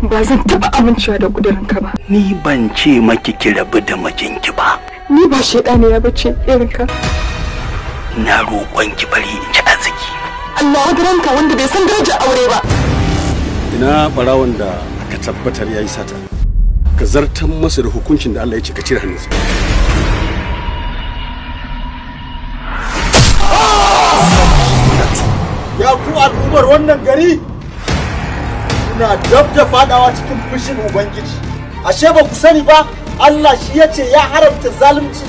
ba zan taba amincewa da ka ba ni ban ce maki ki rabu da mijinki ba ni ba ne ya bace irinka na roƙon ki bari in ci arziki Allah ranka wanda bai san darajar aure ba ina barawon da aka tabbatar yayi sata ka zartan masa da hukuncin da Allah ya ce ka cire hannunsa ya ku al'ummar wannan gari kuna dab da fadawa cikin fushin ubangiji ashe ba ku sani ba Allah shi ya ce ya haramta zalunci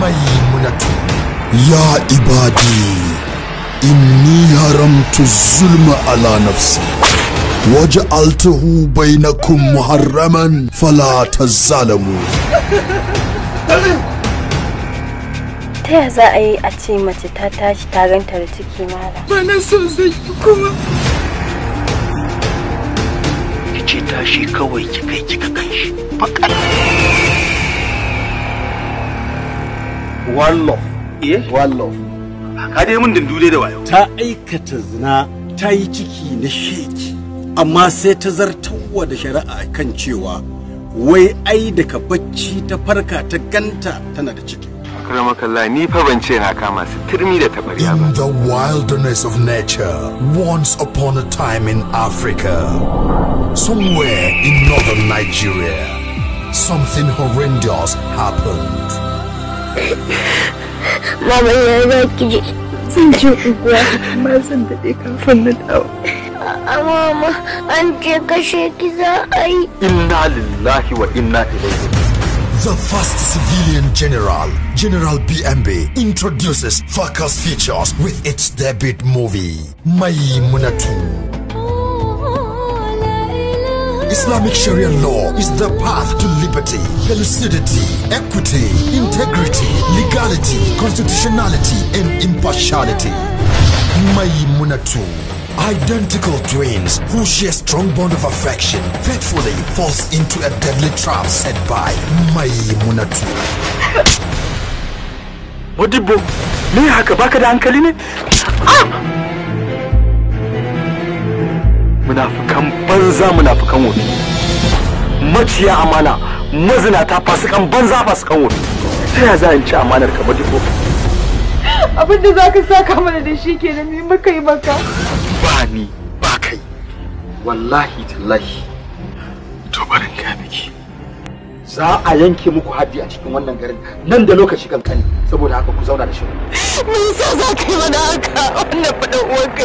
maimunatu ya ibadi inni haramtu zulma ala nafsi waj'altuhu bainakum muharraman fala tazalamu ta ya za a yi a ce mace ta tashi ta da ciki mala ba na zai kuma ce tashi kawai kika yi kika kan shi fakat one eh ka dai mun dindude da wayo ta aikata zina ta yi ciki na sheki amma sai ta zartawa da shari'a kan cewa wai ai daga bacci ta farka ta ganta tana da ciki In the wilderness of nature, once upon a time in Africa, somewhere in northern Nigeria, something horrendous happened. Mama ya za ki je. Zan je unguwa, amma zan daɗe kafin na dawo. Mama, an je kashe ki za a yi. Inna lillahi wa inna ilayhi. The first civilian general, General BMB, introduces Farkas Features with its debut movie, Maimunatu. Islamic Sharia law is the path to liberty, lucidity, equity, integrity, legality, constitutionality, and impartiality. Maimunatu. Identical twins who share strong bond of affection faithfully falls into a deadly trap set by Maimunatu. Modibo, me haka baka da hankali ne? Ah! Munafukan banza munafukan wofi. Maciya amana, mazinata fasikan banza fasikan wofi. Ta ya za in ci amanar ka Modibo? Abin da za ka saka mana da shi kenan ne muka yi maka. ba ni ba kai wallahi tallahi to barin ka miki za a yanke muku haddi a cikin wannan garin nan da lokaci kankani saboda haka ku zauna da shi mun sa za ka yi mana haka wannan uwan ka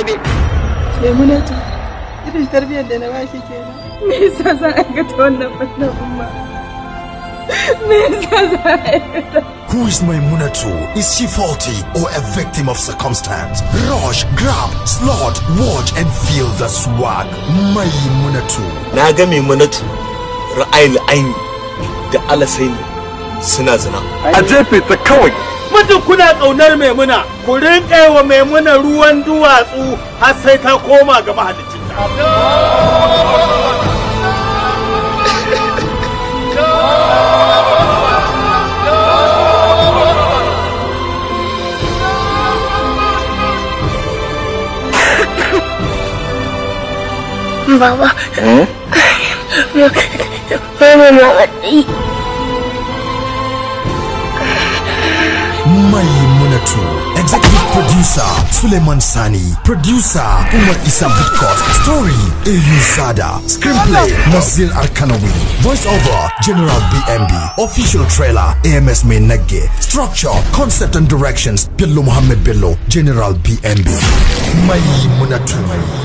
ne ta irin tarbiyyar da na bashi kenan me yasa za a ta wannan faɗin umma me yasa za a ta. Who is my to? Is she faulty or a victim of circumstance? Rush, grab, slot, watch and feel the swag. My to. Nagami ga Maimuna to ra'ayin aini da alasaini suna zina. A jefe ta kawai. Mutum kuna ƙaunar Maimuna, ku rinƙa wa Maimuna ruwan duwatsu har sai ta koma ga mahaliccinta. Baba. Mama na hm? Maimunatu, Executive Producer Suleiman Sani, Producer Umar Isa Woodcock, Story Ayu Sada, Screenplay Nasir Arkanawi, over General BMB, Official Trailer AMS Menegge, Structure, Concept and Directions Billo Muhammad Billo, General BMB. Maimunatu. Maimunatu.